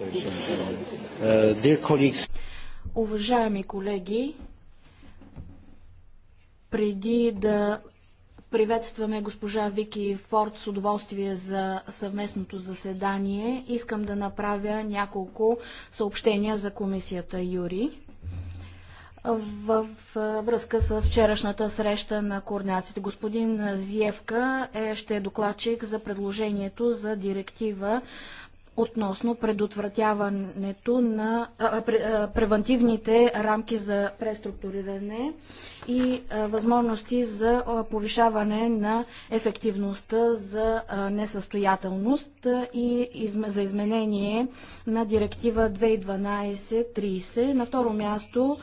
Uh, uh, Уважаеми колеги, преди да приветстваме госпожа Вики Форд с удоволствие за съвместното заседание, искам да направя няколко съобщения за комисията Юри в връзка с вчерашната среща на координациите. Господин Зиевка е, ще е докладчик за предложението за директива относно предотвратяването на превентивните рамки за преструктуриране и възможности за повишаване на ефективността за несъстоятелност и за изменение на директива 2012-30. На второ място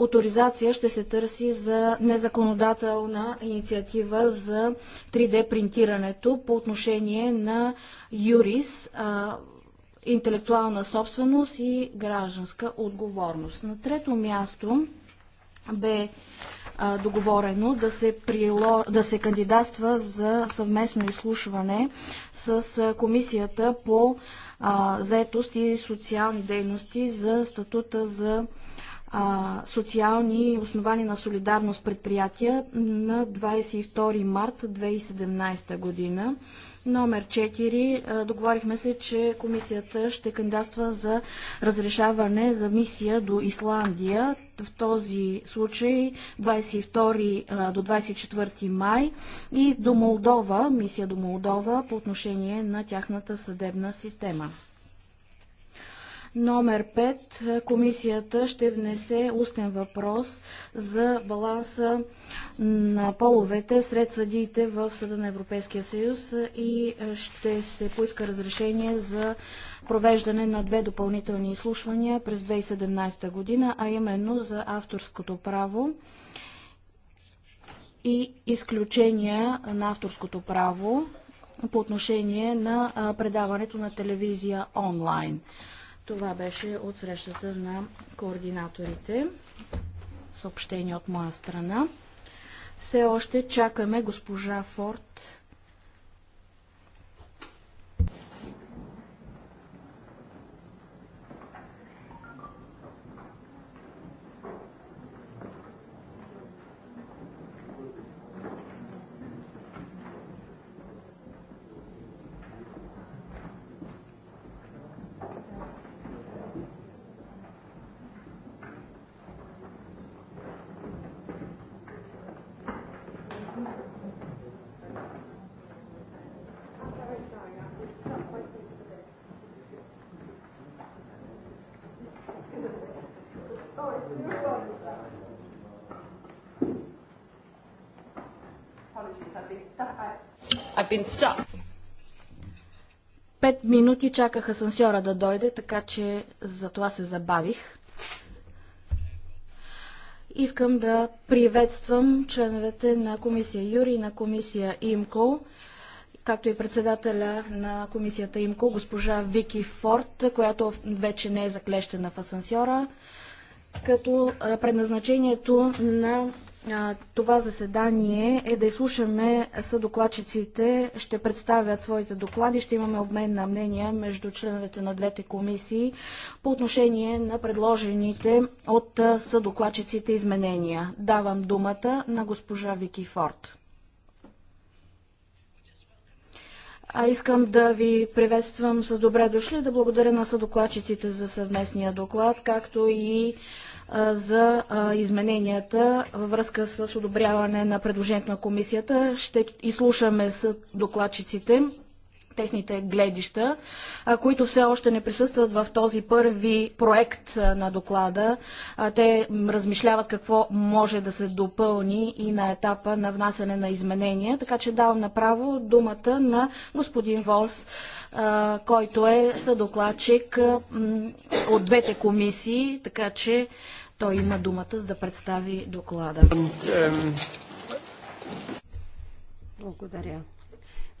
Авторизация ще се търси за незаконодателна инициатива за 3D принтирането по отношение на юрис, интелектуална собственост и гражданска отговорност. На трето място бе договорено да се, прило... да се кандидатства за съвместно изслушване с Комисията по заетост и социални дейности за статута за а, социални основани на солидарност предприятия на 22 март 2017 година. Номер 4. Договорихме се, че комисията ще кандидатства за разрешаване за мисия до Исландия. В този случай 22 до 24 май и до Молдова, мисия до Молдова по отношение на тяхната съдебна система. Номер 5. Комисията ще внесе устен въпрос за баланса на половете сред съдиите в Съда на Европейския съюз и е, ще се поиска разрешение за провеждане на две допълнителни изслушвания през 2017 година, а именно за авторското право и изключения на авторското право по отношение на предаването на телевизия онлайн. Това беше от срещата на координаторите. Съобщение от моя страна. Все още чакаме госпожа Форд I've been stuck. Пет минути чаках асансьора да дойде, така че за това се забавих. Искам да приветствам членовете на комисия Юри и на комисия ИМКО, както и председателя на комисията ИМКО, госпожа Вики Форд, която вече не е заклещена в асансьора, като предназначението на това заседание е да изслушаме съдокладчиците, ще представят своите доклади, ще имаме обмен на мнения между членовете на двете комисии по отношение на предложените от съдокладчиците изменения. Давам думата на госпожа Вики Форд. А искам да ви приветствам с добре дошли, да благодаря на съдокладчиците за съвместния доклад, както и за измененията във връзка с одобряване на предложението на комисията. Ще изслушаме с докладчиците техните гледища, които все още не присъстват в този първи проект на доклада. Те размишляват какво може да се допълни и на етапа на внасяне на изменения. Така че давам направо думата на господин Волс, който е съдокладчик от двете комисии, така че той има думата, за да представи доклада. Благодаря.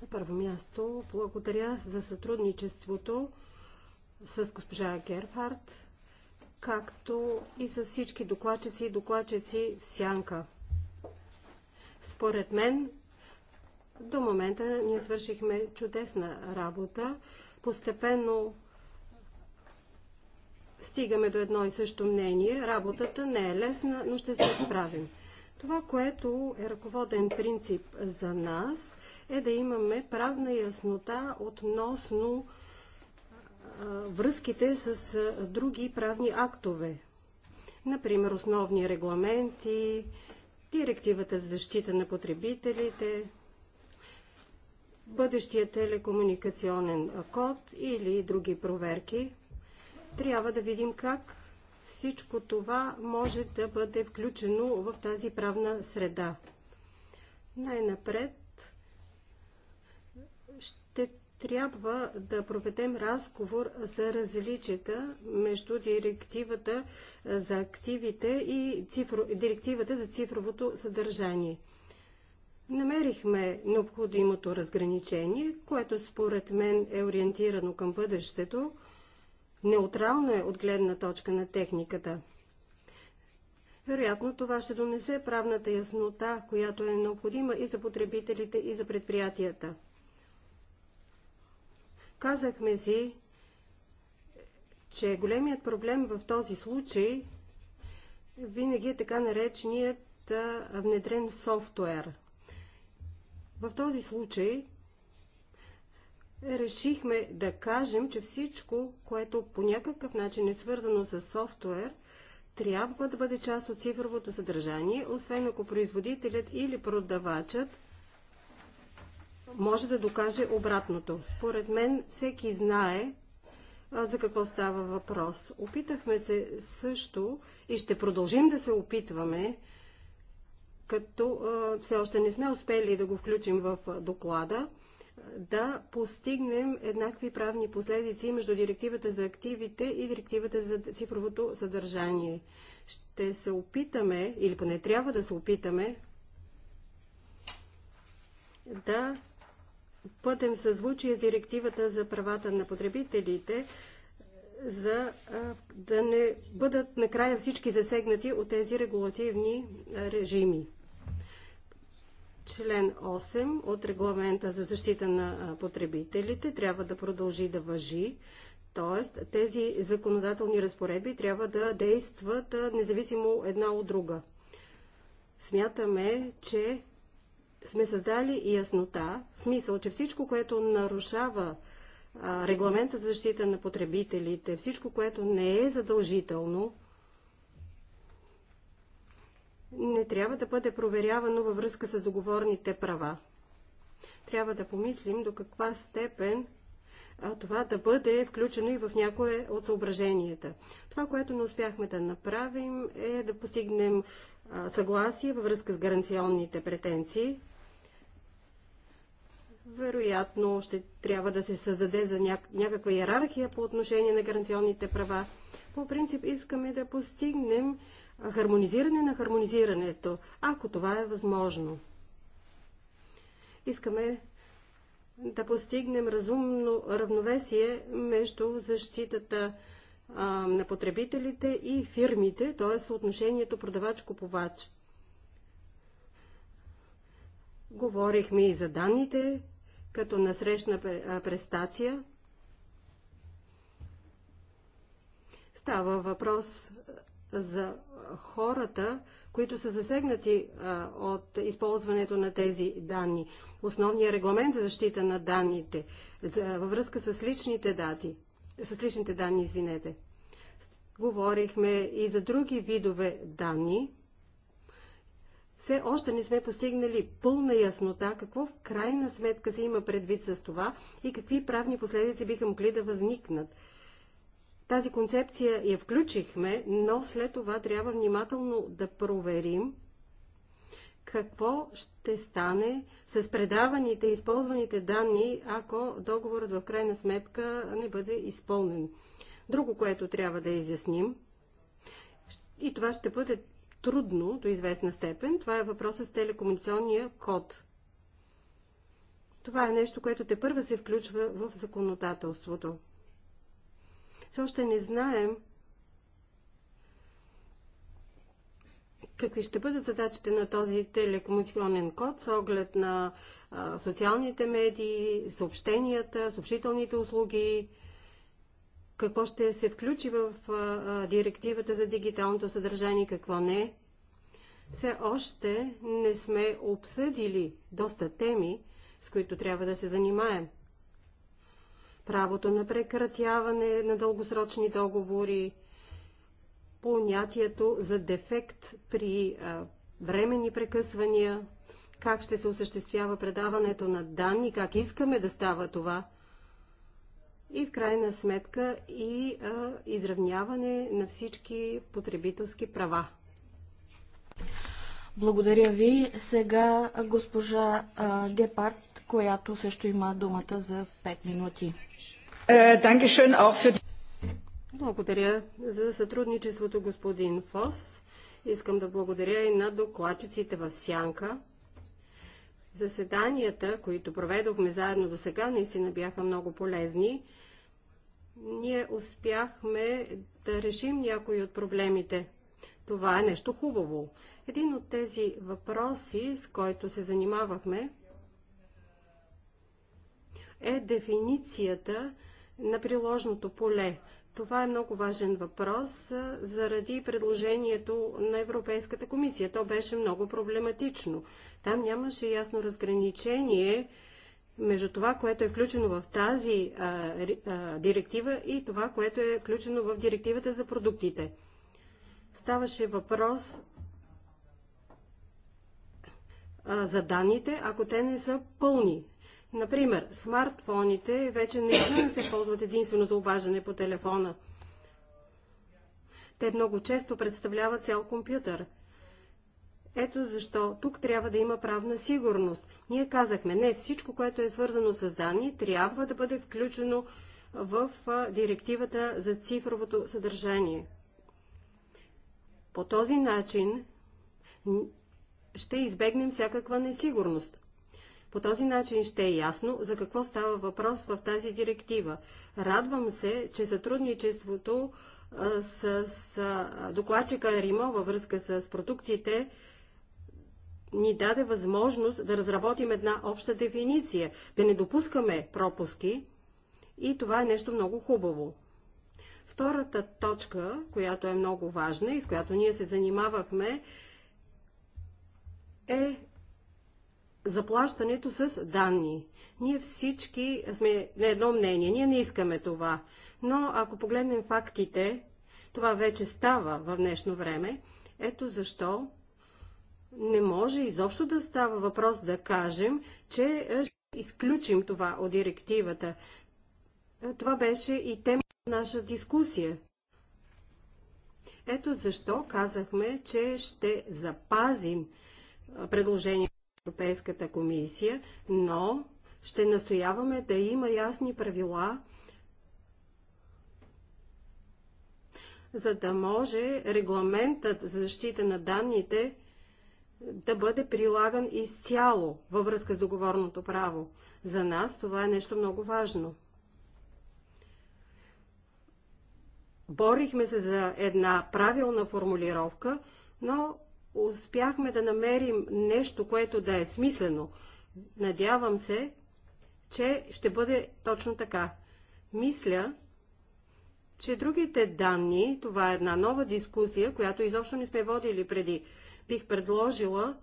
На първо място благодаря за сътрудничеството с госпожа Герфард, както и с всички докладчици и докладчици в Сянка. Според мен, до момента ние свършихме чудесна работа. Постепенно стигаме до едно и също мнение. Работата не е лесна, но ще се справим. Това, което е ръководен принцип за нас, е да имаме правна яснота относно връзките с други правни актове. Например, основни регламенти, директивата за защита на потребителите, бъдещия телекомуникационен код или други проверки. Трябва да видим как всичко това може да бъде включено в тази правна среда. Най-напред ще трябва да проведем разговор за различията между директивата за активите и цифро... директивата за цифровото съдържание. Намерихме необходимото разграничение, което според мен е ориентирано към бъдещето – Неутрално е от гледна точка на техниката. Вероятно това ще донесе правната яснота, която е необходима и за потребителите, и за предприятията. Казахме си, че големият проблем в този случай винаги е така нареченият внедрен софтуер. В този случай решихме да кажем, че всичко, което по някакъв начин е свързано с софтуер, трябва да бъде част от цифровото съдържание, освен ако производителят или продавачът може да докаже обратното. Според мен всеки знае а, за какво става въпрос. Опитахме се също и ще продължим да се опитваме, като а, все още не сме успели да го включим в доклада, да постигнем еднакви правни последици между директивата за активите и директивата за цифровото съдържание. Ще се опитаме, или поне трябва да се опитаме, да пътем съзвучие с директивата за правата на потребителите, за да не бъдат накрая всички засегнати от тези регулативни режими. Член 8 от регламента за защита на потребителите трябва да продължи да въжи, т.е. тези законодателни разпоредби трябва да действат независимо една от друга. Смятаме, че сме създали яснота, в смисъл, че всичко, което нарушава регламента за защита на потребителите, всичко, което не е задължително, не трябва да бъде проверявано във връзка с договорните права. Трябва да помислим до каква степен а, това да бъде включено и в някое от съображенията. Това, което не успяхме да направим, е да постигнем а, съгласие във връзка с гаранционните претенции. Вероятно ще трябва да се създаде за някаква иерархия по отношение на гаранционните права по принцип искаме да постигнем хармонизиране на хармонизирането, ако това е възможно. Искаме да постигнем разумно равновесие между защитата на потребителите и фирмите, т.е. съотношението продавач-купувач. Говорихме и за данните, като насрещна престация. Става въпрос е, за хората, които са засегнати а, е, от използването на тези данни. Основният регламент за защита на данните за, във връзка с личните дати, с личните данни, извинете. Говорихме и за други видове данни. Все още не сме постигнали пълна яснота какво в крайна сметка се има предвид с това и какви правни последици биха могли да възникнат тази концепция я включихме, но след това трябва внимателно да проверим какво ще стане с предаваните и използваните данни, ако договорът в крайна сметка не бъде изпълнен. Друго, което трябва да изясним, и това ще бъде трудно до известна степен, това е въпросът с телекомуникационния код. Това е нещо, което те първа се включва в законодателството. Все още не знаем какви ще бъдат задачите на този телекомуникационен код с оглед на а, социалните медии, съобщенията, съобщителните услуги, какво ще се включи в а, а, директивата за дигиталното съдържание, какво не. Все още не сме обсъдили доста теми, с които трябва да се занимаем правото на прекратяване на дългосрочни договори, понятието за дефект при временни прекъсвания, как ще се осъществява предаването на данни, как искаме да става това и в крайна сметка и а, изравняване на всички потребителски права. Благодаря ви. Сега госпожа Гепард, която също има думата за 5 минути. Е, благодаря за сътрудничеството, господин Фос. Искам да благодаря и на докладчиците в Сянка. Заседанията, които проведохме заедно до сега, наистина бяха много полезни. Ние успяхме да решим някои от проблемите. Това е нещо хубаво. Един от тези въпроси, с който се занимавахме, е дефиницията на приложното поле. Това е много важен въпрос заради предложението на Европейската комисия. То беше много проблематично. Там нямаше ясно разграничение между това, което е включено в тази а, а, директива и това, което е включено в директивата за продуктите. Ставаше въпрос за данните, ако те не са пълни. Например, смартфоните вече не се ползват единствено за обаждане по телефона. Те много често представляват цял компютър. Ето защо тук трябва да има правна сигурност. Ние казахме, не всичко, което е свързано с данни, трябва да бъде включено в директивата за цифровото съдържание. По този начин ще избегнем всякаква несигурност. По този начин ще е ясно за какво става въпрос в тази директива. Радвам се, че сътрудничеството с, с докладчика Римо във връзка с продуктите ни даде възможност да разработим една обща дефиниция, да не допускаме пропуски и това е нещо много хубаво. Втората точка, която е много важна и с която ние се занимавахме, е заплащането с данни. Ние всички сме на едно мнение, ние не искаме това. Но ако погледнем фактите, това вече става в днешно време. Ето защо не може изобщо да става въпрос да кажем, че ще изключим това от директивата. Това беше и тема на наша дискусия. Ето защо казахме, че ще запазим предложение на Европейската комисия, но ще настояваме да има ясни правила, за да може регламентът за защита на данните да бъде прилаган изцяло във връзка с договорното право. За нас това е нещо много важно. борихме се за една правилна формулировка, но успяхме да намерим нещо, което да е смислено. Надявам се, че ще бъде точно така. Мисля, че другите данни, това е една нова дискусия, която изобщо не сме водили преди. Бих предложила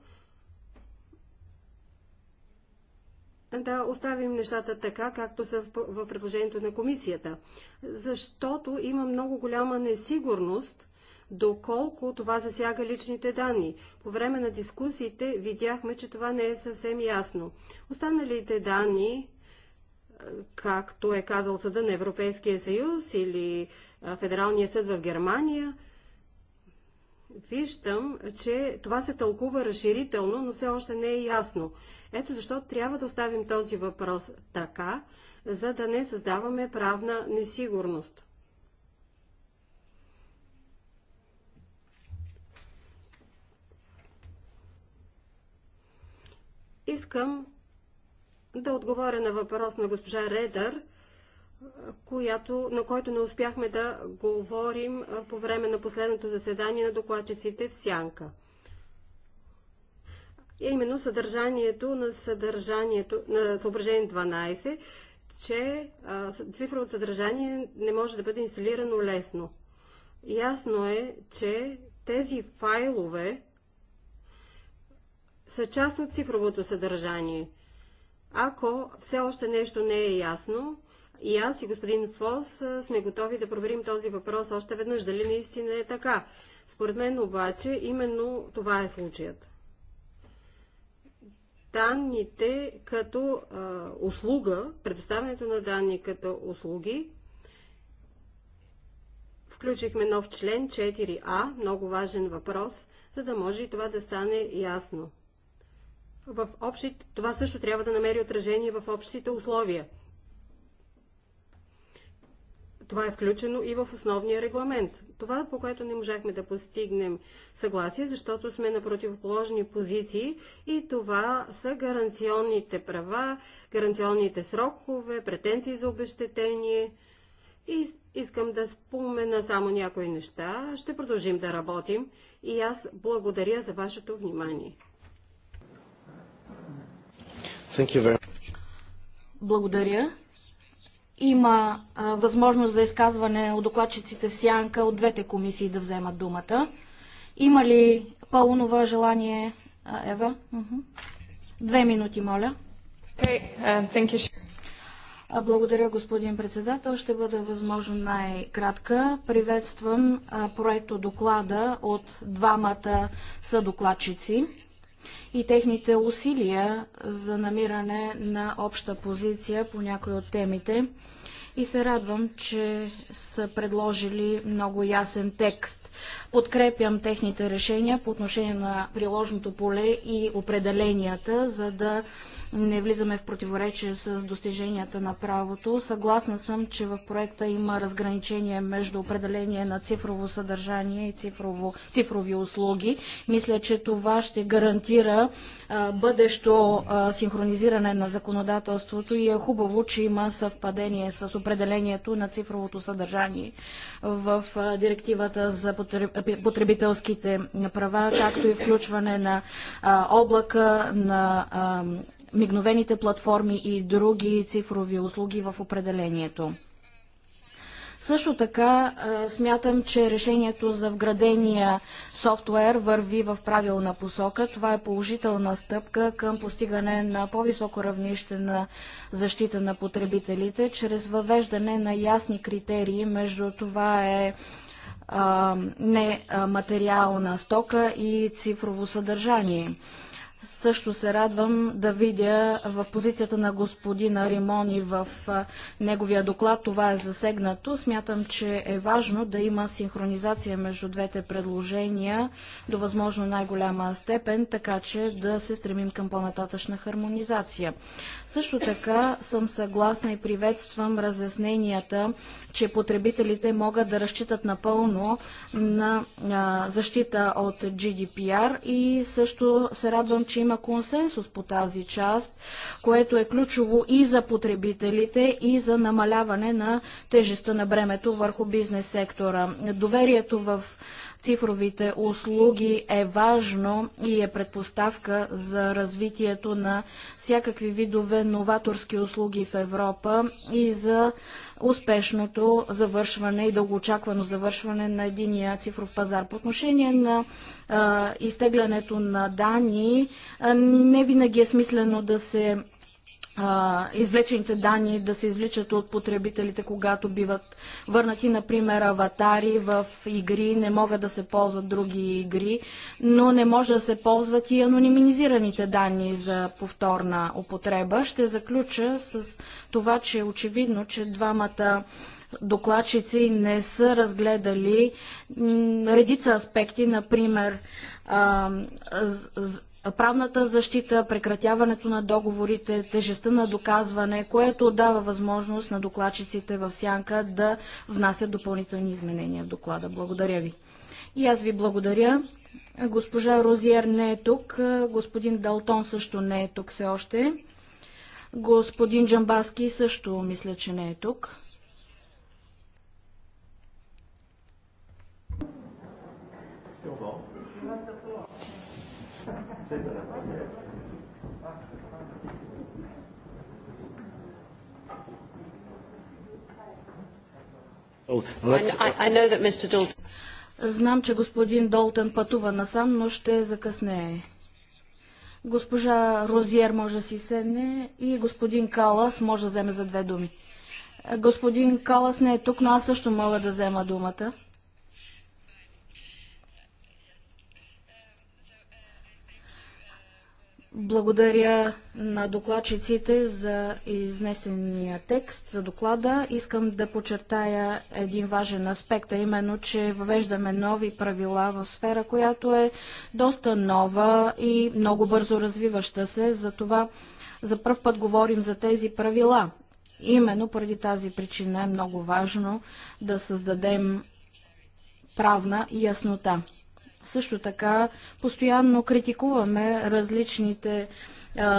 да оставим нещата така, както са в предложението на комисията. Защото има много голяма несигурност доколко това засяга личните данни. По време на дискусиите видяхме, че това не е съвсем ясно. Останалите данни, е, както е казал Съда на Европейския съюз или е, Федералния съд в Германия – Виждам, че това се тълкува разширително, но все още не е ясно. Ето защо трябва да оставим този въпрос така, за да не създаваме правна несигурност. Искам да отговоря на въпрос на госпожа Редър която, на който не успяхме да говорим по време на последното заседание на докладчиците в Сянка. И именно съдържанието на, съдържанието на съображение 12, че цифровото съдържание не може да бъде инсталирано лесно. Ясно е, че тези файлове са част от цифровото съдържание. Ако все още нещо не е ясно, и аз и господин Фос сме готови да проверим този въпрос още веднъж, дали наистина е така. Според мен обаче именно това е случаят. Данните като а, услуга, предоставянето на данни като услуги, включихме нов член 4А, много важен въпрос, за да може и това да стане ясно. В общите, това също трябва да намери отражение в общите условия – това е включено и в основния регламент. Това, по което не можахме да постигнем съгласие, защото сме на противоположни позиции и това са гаранционните права, гаранционните срокове, претенции за обещетение. И искам да спомена само някои неща. Ще продължим да работим и аз благодаря за вашето внимание. Благодаря има а, възможност за изказване от докладчиците в сянка от двете комисии да вземат думата. Има ли пълнова желание, а, Ева? Уху. Две минути, моля. Okay. Uh, um, благодаря, господин председател. Ще бъда възможно най-кратка. Приветствам проекто доклада от двамата съдокладчици и техните усилия за намиране на обща позиция по някои от темите. И се радвам, че са предложили много ясен текст Подкрепям техните решения по отношение на приложното поле и определенията, за да не влизаме в противоречие с достиженията на правото. Съгласна съм, че в проекта има разграничение между определение на цифрово съдържание и цифрово, цифрови услуги. Мисля, че това ще гарантира а, бъдещо а, синхронизиране на законодателството и е хубаво, че има съвпадение с определението на цифровото съдържание в а, директивата за потребителските права, както и включване на облака, на мигновените платформи и други цифрови услуги в определението. Също така смятам, че решението за вградения софтуер върви в правилна посока. Това е положителна стъпка към постигане на по-високо равнище на защита на потребителите, чрез въвеждане на ясни критерии между това е нематериална стока и цифрово съдържание също се радвам да видя в позицията на господина Римони в неговия доклад. Това е засегнато. Смятам, че е важно да има синхронизация между двете предложения до възможно най-голяма степен, така че да се стремим към по-нататъчна хармонизация. Също така съм съгласна и приветствам разясненията, че потребителите могат да разчитат напълно на защита от GDPR и също се радвам, че има консенсус по тази част, което е ключово и за потребителите, и за намаляване на тежестта на бремето върху бизнес сектора. Доверието в цифровите услуги е важно и е предпоставка за развитието на всякакви видове новаторски услуги в Европа и за успешното завършване и дългоочаквано завършване на единия цифров пазар. По отношение на а, изтеглянето на данни, а, не винаги е смислено да се а, извлечените данни да се извличат от потребителите, когато биват върнати, например, аватари в игри, не могат да се ползват други игри, но не може да се ползват и анонимизираните данни за повторна употреба. Ще заключа с това, че е очевидно, че двамата докладчици не са разгледали редица аспекти, например, а, правната защита, прекратяването на договорите, тежестта на доказване, което дава възможност на докладчиците в сянка да внасят допълнителни изменения в доклада. Благодаря ви. И аз ви благодаря. Госпожа Розиер не е тук, господин Далтон също не е тук все още. Господин Джамбаски също мисля, че не е тук. Oh, Знам, че господин Долтън пътува насам, но ще закъснее. Госпожа Розиер може да си седне и господин Калас може да вземе за две думи. Господин Калас не е тук, но аз също мога да взема думата. Благодаря на докладчиците за изнесения текст, за доклада. Искам да подчертая един важен аспект, а именно, че въвеждаме нови правила в сфера, която е доста нова и много бързо развиваща се. Затова за първ път говорим за тези правила. Именно поради тази причина е много важно да създадем правна яснота. Също така постоянно критикуваме различните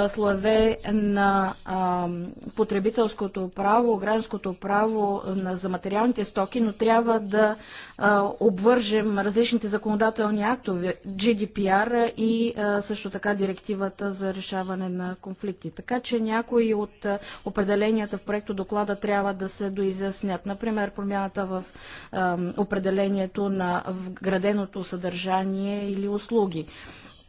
слове на а, потребителското право, гражданското право на, за материалните стоки, но трябва да а, обвържем различните законодателни актове, GDPR и а, също така директивата за решаване на конфликти. Така че някои от определенията в проекто доклада трябва да се доизяснят. Например, промяната в определението на вграденото съдържание съдържание или услуги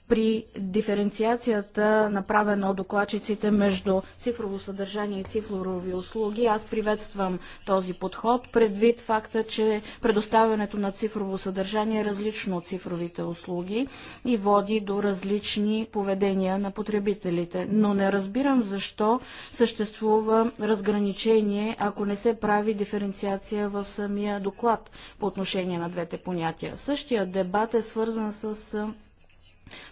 при диференциацията, направена от докладчиците между цифрово съдържание и цифрови услуги. Аз приветствам този подход, предвид факта, че предоставянето на цифрово съдържание е различно от цифровите услуги и води до различни поведения на потребителите. Но не разбирам защо съществува разграничение, ако не се прави диференциация в самия доклад по отношение на двете понятия. Същия дебат е свързан с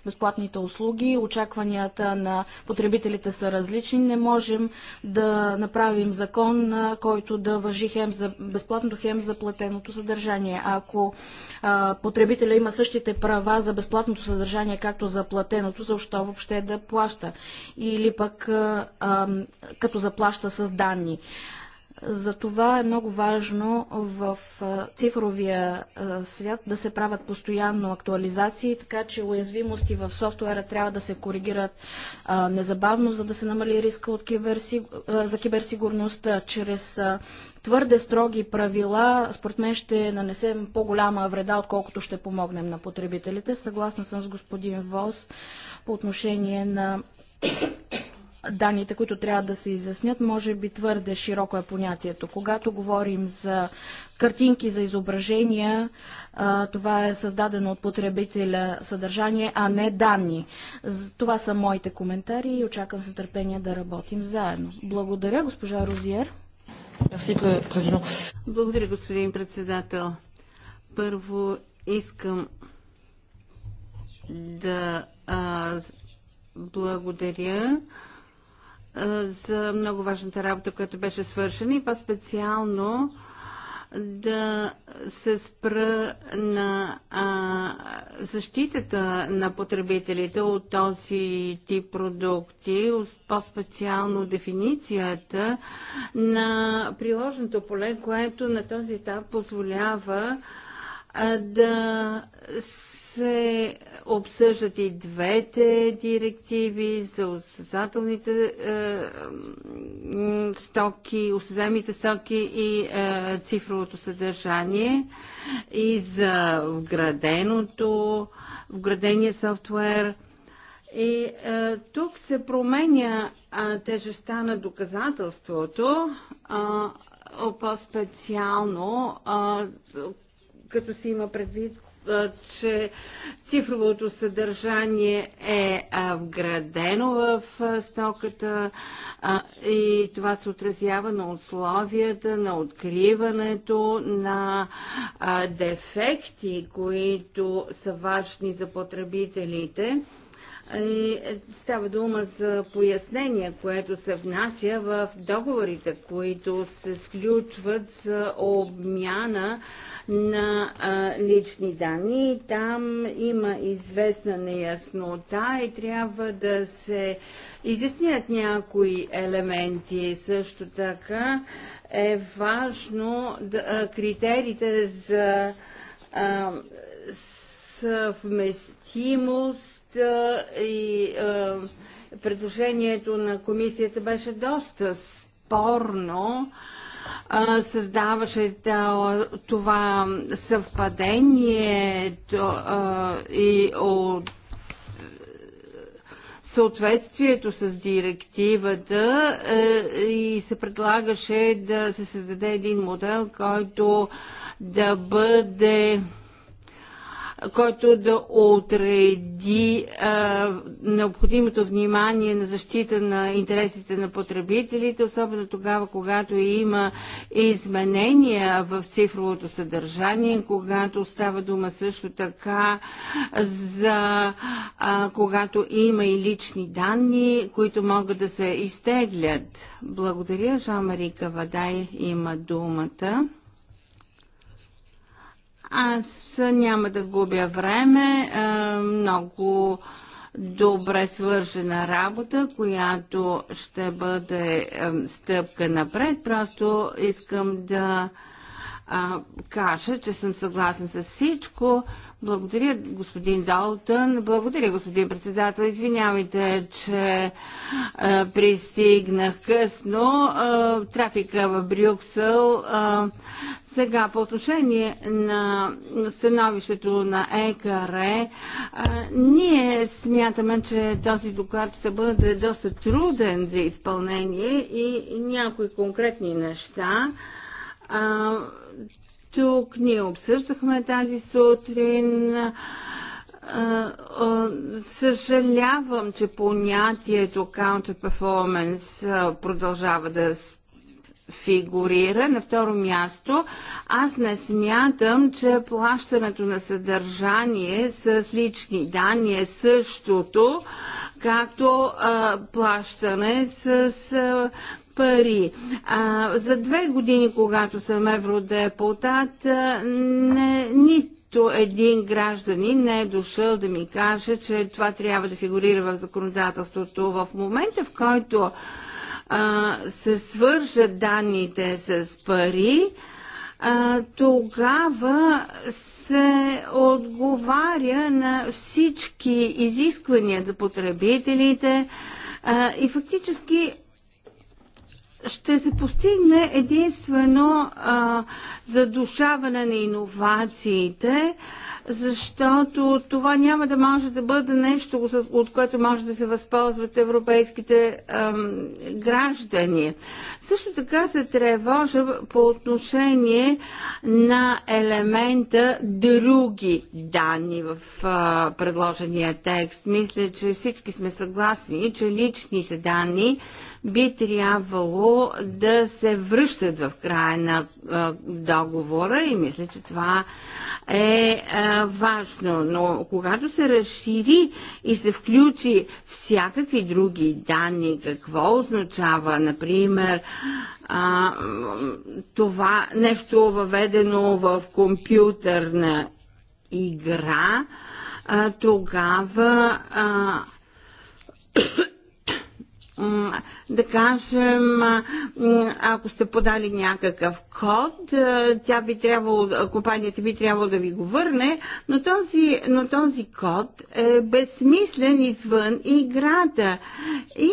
безплатните услуги. Очакванията на потребителите са различни. Не можем да направим закон, който да въжи хем за безплатното, хем за платеното съдържание. Ако а, потребителя има същите права за безплатното съдържание, както за платеното, защо въобще да плаща? Или пък а, а, като заплаща с данни. Затова е много важно в цифровия свят да се правят постоянно актуализации, така че уязвимости в софтуера трябва да се коригират незабавно, за да се намали риска от киберси... за киберсигурността чрез твърде строги правила, според мен ще нанесем по-голяма вреда, отколкото ще помогнем на потребителите. Съгласна съм с господин Вос по отношение на данните, които трябва да се изяснят, може би твърде широко е понятието. Когато говорим за картинки, за изображения, това е създадено от потребителя съдържание, а не данни. Това са моите коментари и очаквам с търпение да работим заедно. Благодаря, госпожа Розиер. Благодаря, господин председател. Първо искам да а, благодаря за много важната работа, която беше свършена и по-специално да се спра на а, защитата на потребителите от този тип продукти, по-специално дефиницията на приложното поле, което на този етап позволява а, да се се обсъждат и двете директиви за осъзнателните е, стоки, осъзнаемите стоки и е, цифровото съдържание и за вграденото, вградения софтуер. И е, тук се променя е, тежестта на доказателството, е, по-специално, е, като се има предвид че цифровото съдържание е вградено в стоката и това се отразява на условията, на откриването на дефекти, които са важни за потребителите. И е, става дума за пояснение, което се внася в договорите, които се сключват за обмяна на а, лични данни. Там има известна неяснота и трябва да се изяснят някои елементи. Също така е важно да, критериите за а, съвместимост и е, предложението на комисията беше доста спорно е, създаваше това съвпадение е, и от съответствието с директивата и се предлагаше да се създаде един модел, който да бъде който да отреди а, необходимото внимание на защита на интересите на потребителите, особено тогава, когато има изменения в цифровото съдържание, когато става дума също така за а, когато има и лични данни, които могат да се изтеглят. Благодаря, Жан-Мари Кавадай има думата. Аз няма да губя време. Е, много добре свържена работа, която ще бъде е, стъпка напред. Просто искам да кажа, че съм съгласна с всичко, благодаря, господин Далтън. Благодаря, господин председател. Извинявайте, че пристигнах късно. трафика в Брюксел. сега, по отношение на становището на ЕКР, ние смятаме, че този доклад ще бъде доста труден за изпълнение и някои конкретни неща тук, ние обсъждахме тази сутрин. Съжалявам, че понятието Counter Performance продължава да фигурира. На второ място, аз не смятам, че плащането на съдържание с лични данни е същото, както а, плащане с а, пари. А, за две години, когато съм евродепутат, не, нито един гражданин не е дошъл да ми каже, че това трябва да фигурира в законодателството. В момента, в който а, се свържат данните с пари, а, тогава се отговаря на всички изисквания за потребителите а, и фактически ще се постигне единствено а, задушаване на иновациите, защото това няма да може да бъде нещо, от което може да се възползват европейските ем, граждани. Също така се тревожа по отношение на елемента други данни в предложения текст. Мисля, че всички сме съгласни, че личните данни би трябвало да се връщат в края на договора и мисля, че това е, е важно, но когато се разшири и се включи всякакви други данни, какво означава, например, а, това нещо въведено в компютърна игра, а, тогава а, да кажем, ако сте подали някакъв код, тя би трябвало, компанията би трябвало да ви го върне, но този, но този код е безсмислен извън играта. И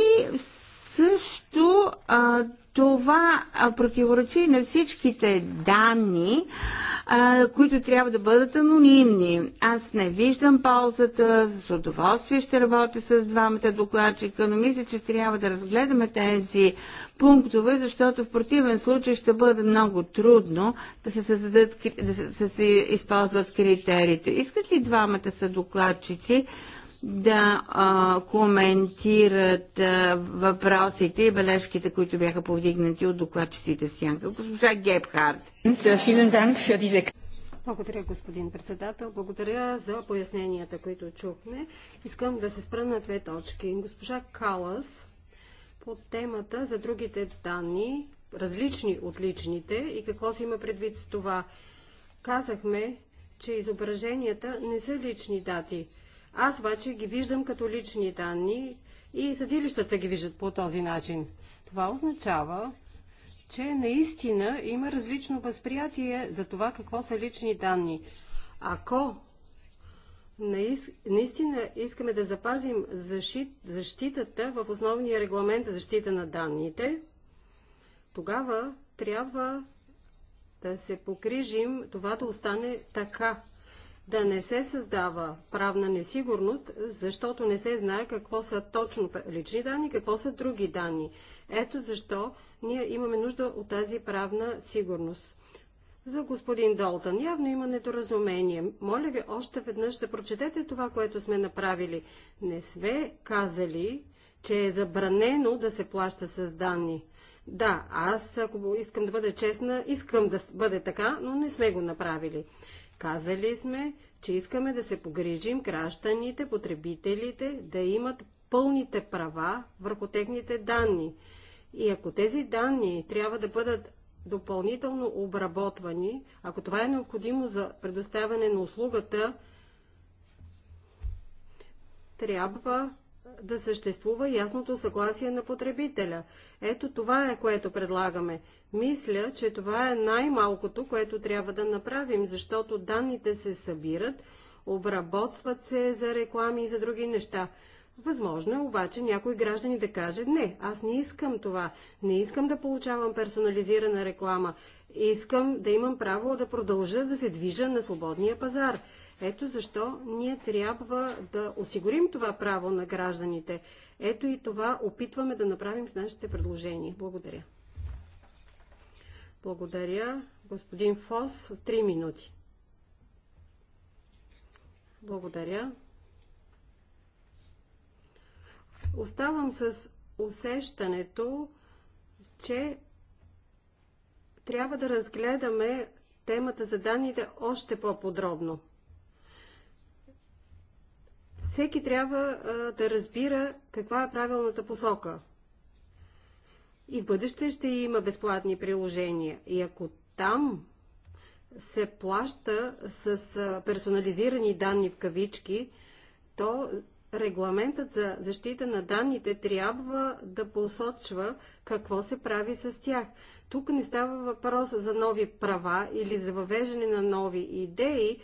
също а, това противоречи на всичките данни, които трябва да бъдат анонимни. Аз не виждам ползата, с удоволствие ще работя с двамата докладчика, но мисля, че трябва да разгледаме тези пунктове, защото в противен случай ще бъде много трудно да се, създадат, да се използват критериите. Искат ли двамата са докладчици? да а, коментират а, въпросите и бележките, които бяха повдигнати от докладчиците в Сянка. Госпожа Гебхард. Благодаря, господин председател. Благодаря за поясненията, които чухме. Искам да се спра на две точки. Госпожа Калас по темата за другите данни, различни от личните и какво се има предвид с това. Казахме, че изображенията не са лични дати. Аз обаче ги виждам като лични данни и съдилищата ги виждат по този начин. Това означава, че наистина има различно възприятие за това какво са лични данни. Ако наистина искаме да запазим защит, защитата в основния регламент за защита на данните, тогава трябва да се покрижим това да остане така да не се създава правна несигурност, защото не се знае какво са точно лични данни, какво са други данни. Ето защо ние имаме нужда от тази правна сигурност. За господин Долтан, явно има недоразумение. Моля ви още веднъж да прочетете това, което сме направили. Не сме казали, че е забранено да се плаща с данни. Да, аз, ако искам да бъда честна, искам да бъде така, но не сме го направили. Казали сме, че искаме да се погрижим гражданите, потребителите да имат пълните права върху техните данни. И ако тези данни трябва да бъдат допълнително обработвани, ако това е необходимо за предоставяне на услугата, трябва да съществува ясното съгласие на потребителя. Ето това е, което предлагаме. Мисля, че това е най-малкото, което трябва да направим, защото данните се събират, обработват се за реклами и за други неща. Възможно е обаче някой граждани да каже, не, аз не искам това, не искам да получавам персонализирана реклама, Искам да имам право да продължа да се движа на свободния пазар. Ето защо ние трябва да осигурим това право на гражданите. Ето и това опитваме да направим с нашите предложения. Благодаря. Благодаря. Господин Фос, 3 минути. Благодаря. Оставам с усещането, че трябва да разгледаме темата за данните още по-подробно. Всеки трябва а, да разбира каква е правилната посока. И в бъдеще ще има безплатни приложения. И ако там се плаща с персонализирани данни в кавички, то регламентът за защита на данните трябва да посочва какво се прави с тях. Тук не става въпрос за нови права или за въвеждане на нови идеи,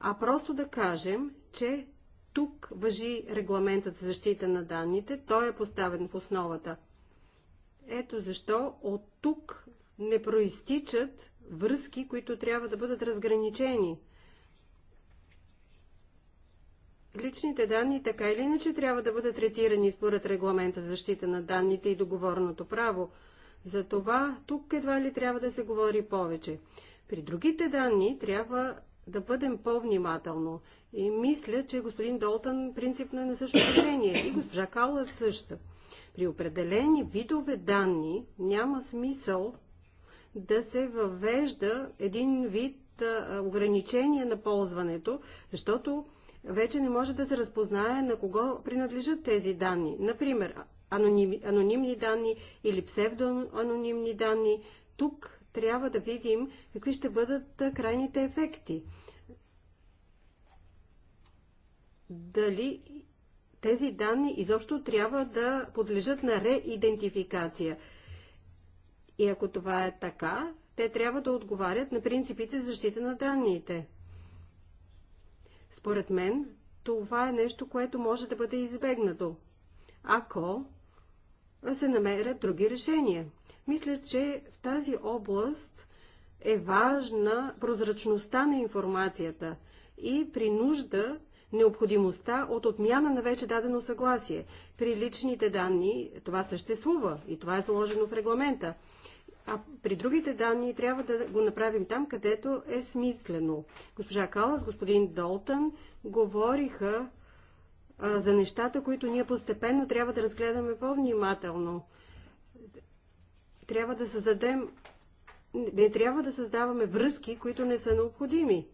а просто да кажем, че тук въжи регламентът за защита на данните, той е поставен в основата. Ето защо от тук не проистичат връзки, които трябва да бъдат разграничени – Личните данни така или иначе трябва да бъдат третирани според регламента за защита на данните и договорното право. За това тук едва ли трябва да се говори повече. При другите данни трябва да бъдем по-внимателно. И мисля, че господин Долтън принципно е на същото мнение и госпожа Кала също. При определени видове данни няма смисъл да се въвежда един вид ограничение на ползването, защото вече не може да се разпознае на кого принадлежат тези данни. Например, аноним, анонимни данни или псевдоанонимни данни. Тук трябва да видим какви ще бъдат крайните ефекти. Дали тези данни изобщо трябва да подлежат на реидентификация. И ако това е така, те трябва да отговарят на принципите за защита на данните. Според мен, това е нещо, което може да бъде избегнато, ако се намерят други решения. Мисля, че в тази област е важна прозрачността на информацията и при нужда необходимостта от отмяна на вече дадено съгласие. При личните данни това съществува и това е заложено в регламента. А при другите данни трябва да го направим там, където е смислено. Госпожа Калас, господин Долтън говориха а, за нещата, които ние постепенно трябва да разгледаме по-внимателно. Трябва да създадем. Не трябва да създаваме връзки, които не са необходими.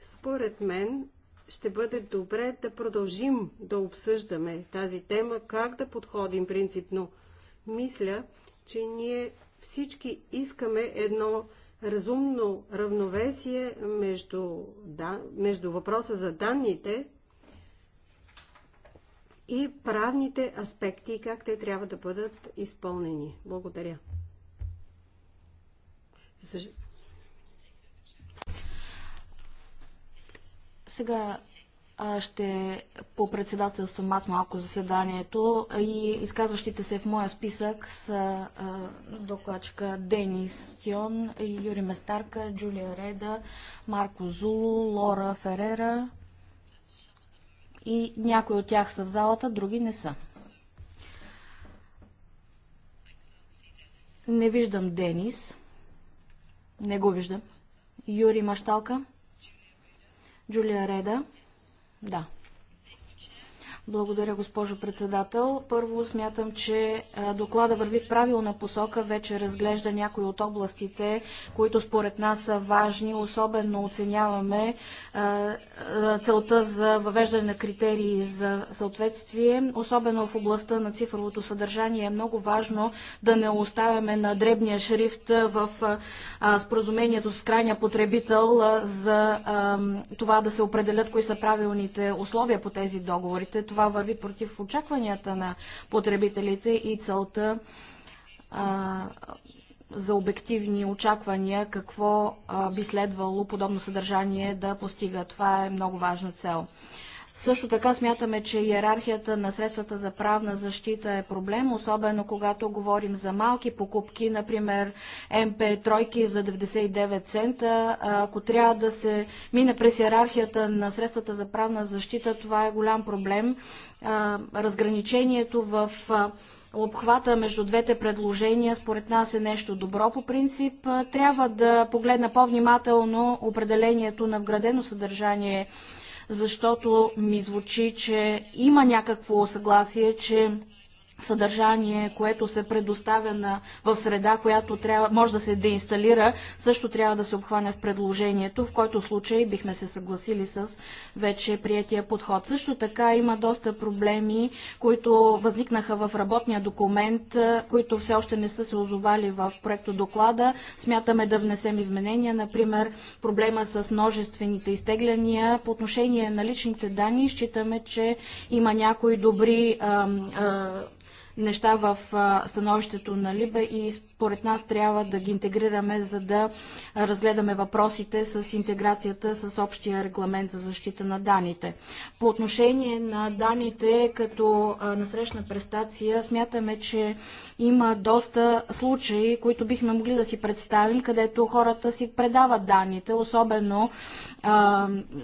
Според мен ще бъде добре да продължим да обсъждаме тази тема, как да подходим принципно. Мисля, че ние всички искаме едно разумно равновесие между, да, между въпроса за данните и правните аспекти и как те трябва да бъдат изпълнени. Благодаря. Сега ще попредседателствам аз малко заседанието и изказващите се в моя списък са докладчика Денис Тион, Юри Местарка, Джулия Реда, Марко Зулу, Лора Ферера и някои от тях са в залата, други не са. Не виждам Денис. Не го виждам. Юри Машталка. Джулия Реда. Да, благодаря, госпожо председател. Първо смятам, че доклада върви в правилна посока, вече разглежда някои от областите, които според нас са важни. Особено оценяваме целта за въвеждане на критерии за съответствие. Особено в областта на цифровото съдържание е много важно да не оставяме на дребния шрифт в споразумението с крайния потребител за това да се определят кои са правилните условия по тези договорите това върви против очакванията на потребителите и целта а, за обективни очаквания какво а, би следвало подобно съдържание да постига. Това е много важна цел. Също така смятаме, че иерархията на средствата за правна защита е проблем, особено когато говорим за малки покупки, например МП-тройки за 99 цента. Ако трябва да се мине през иерархията на средствата за правна защита, това е голям проблем. Разграничението в обхвата между двете предложения според нас е нещо добро по принцип. Трябва да погледна по-внимателно определението на вградено съдържание защото ми звучи, че има някакво съгласие, че съдържание, което се предоставя на, в среда, която трябва, може да се деинсталира, също трябва да се обхване в предложението, в който случай бихме се съгласили с вече приятия подход. Също така има доста проблеми, които възникнаха в работния документ, които все още не са се озовали в проекто доклада. Смятаме да внесем изменения, например проблема с множествените изтегляния. По отношение на личните данни считаме, че има някои добри неща в становището на Либе и според нас трябва да ги интегрираме, за да разгледаме въпросите с интеграцията с общия регламент за защита на данните. По отношение на данните като насрещна престация, смятаме, че има доста случаи, които бихме могли да си представим, където хората си предават данните, особено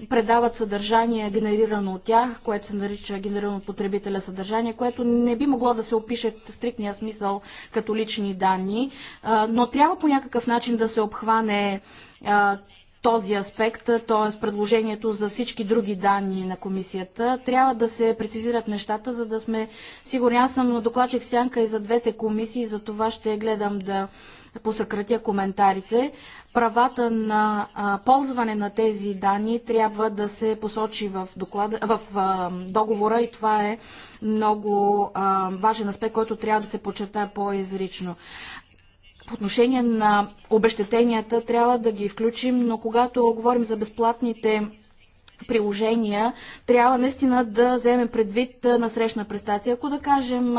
предават съдържание, генерирано от тях, което се нарича генерирано от потребителя съдържание, което не би могло да се опише в стриктния смисъл като лични данни, но трябва по някакъв начин да се обхване този аспект, т.е. предложението за всички други данни на комисията. Трябва да се прецизират нещата, за да сме сигурни. Аз съм докладчик сянка и за двете комисии, за това ще гледам да посъкратя коментарите. Правата на а, ползване на тези данни трябва да се посочи в, доклада, в а, договора и това е много а, важен аспект, който трябва да се подчертае по-изрично. По отношение на обещетенията трябва да ги включим, но когато говорим за безплатните приложения, трябва наистина да вземе предвид на срещна престация. Ако да кажем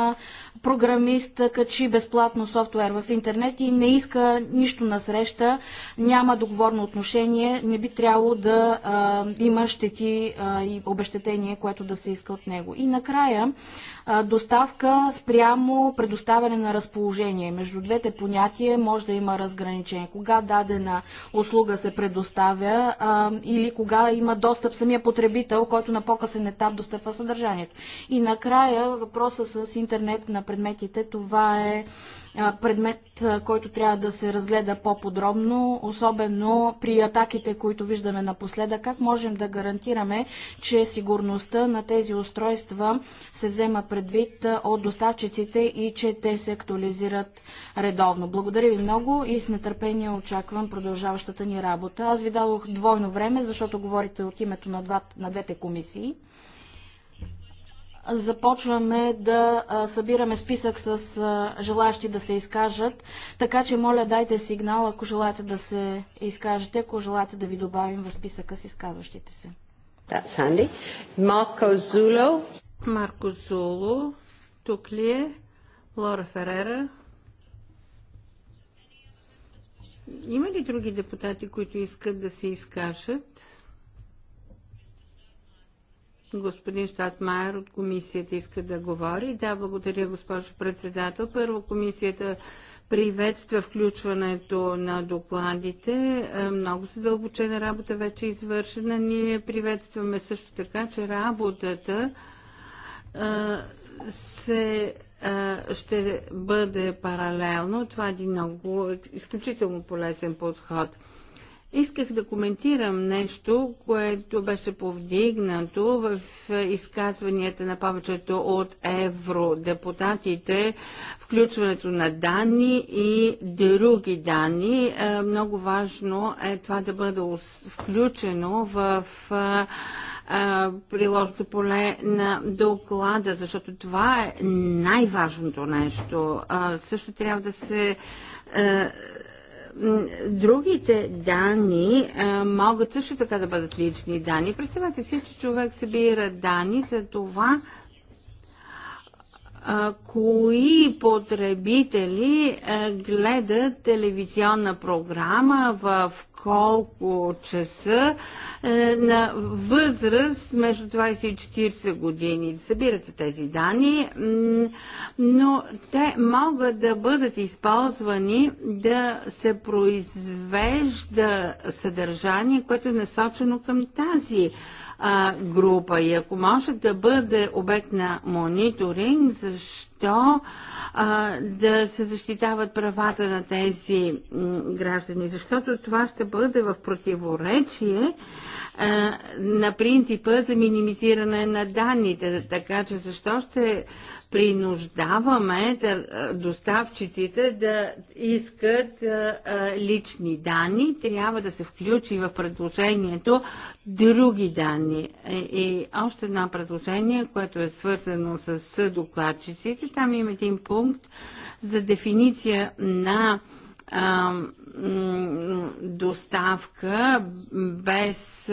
програмист качи безплатно софтуер в интернет и не иска нищо на среща, няма договорно отношение, не би трябвало да а, има щети а, и обещетение, което да се иска от него. И накрая, доставка спрямо предоставяне на разположение. Между двете понятия може да има разграничение. Кога дадена услуга се предоставя а, или кога има достъп самия потребител, който на по-късен етап достъпва съдържанието. И накрая въпроса с интернет на предметите, това е е, предмет, е, който трябва да се разгледа по-подробно, особено при атаките, които виждаме напоследък. Как можем да гарантираме, че сигурността на тези устройства се взема предвид е, от доставчиците и че те се актуализират редовно? Благодаря ви много и с нетърпение очаквам продължаващата ни работа. Аз ви дадох двойно време, защото говорите от името на, два, на двете комисии започваме да събираме списък с желащи да се изкажат, така че моля дайте сигнал, ако желаете да се изкажете, ако желаете да ви добавим в списъка с изказващите се. That's handy. Марко Зуло. Марко Зуло. Тук ли е? Лора Ферера. Има ли други депутати, които искат да се изкажат? Господин Штатмайер от комисията иска да говори. Да, благодаря, госпожо председател. Първо, комисията приветства включването на докладите. Е, много задълбочена работа вече е извършена. Ние приветстваме също така, че работата е, се е, ще бъде паралелно. Това е един много изключително полезен подход. Исках да коментирам нещо, което беше повдигнато в изказванията на повечето от евродепутатите, включването на данни и други данни. Е, много важно е това да бъде включено в е, приложното поле на доклада, защото това е най-важното нещо. Е, също трябва да се Другите данни а, могат също така да бъдат лични данни. Представете си, че човек събира данни за това, а, кои потребители а, е, гледат телевизионна програма, в колко часа, а, е, на възраст между 20 и 40 години. Събират се тези данни, но те могат да бъдат използвани да се произвежда съдържание, което е насочено към тази а, група и ако може да бъде обект на мониторинг, защо а, да се защитават правата на тези граждани? Защото това ще бъде в противоречие а, на принципа за минимизиране на данните. Така че защо ще принуждаваме доставчиците да искат лични данни. Трябва да се включи в предложението други данни. И още едно предложение, което е свързано с докладчиците. Там има един пункт за дефиниция на доставка без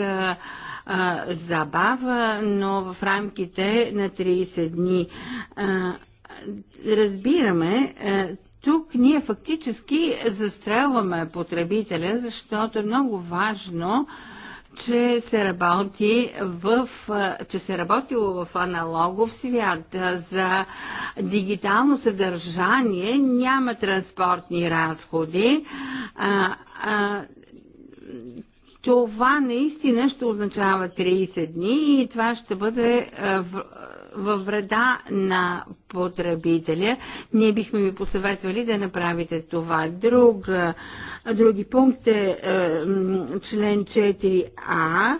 забава, но в рамките на 30 дни. разбираме, тук ние фактически застрелваме потребителя, защото е много важно а, че се работи в, че се е работило в аналогов свят. За дигитално съдържание няма транспортни разходи. А, а, това наистина ще означава 30 дни и това ще бъде във вреда на потребителя. Ние бихме ви посъветвали да направите това. Друг, други пункт е, е член 4а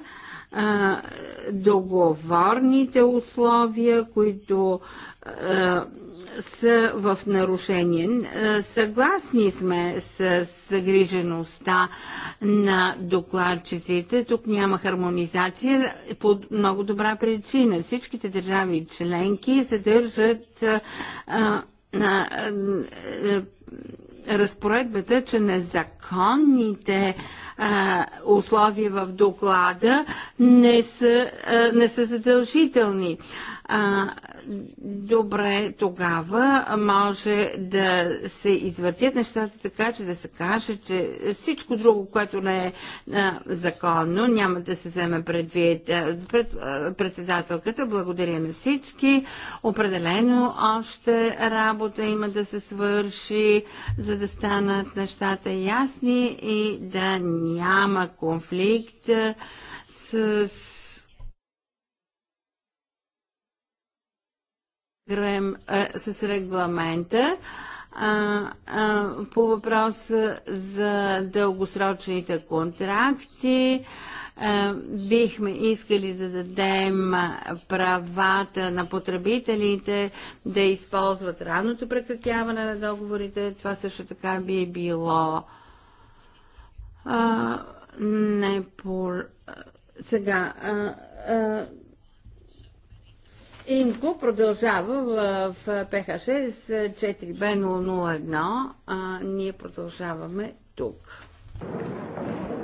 а, договорните условия, които а, са в нарушение. Съгласни сме с загрижеността на докладчиците. Тук няма хармонизация по много добра причина. Всичките държави членки задържат. а, а, разпоредбата, че незаконните а, условия в доклада не са, а, не са задължителни. А, а, добре, тогава може да се извъртят нещата така, че да се каже, че всичко друго, което не е а, законно, няма да се вземе предвид. Пред, а, председателката, благодаря на всички. Определено още работа има да се свърши, за да станат нещата ясни и да няма конфликт с с регламента а, а, по въпроса за дългосрочните контракти. А, бихме искали да дадем правата на потребителите да използват ранното прекратяване на договорите. Това също така би било а, не по... Сега, а, а, Инко продължава в ПХ6 4B001. Ние продължаваме тук.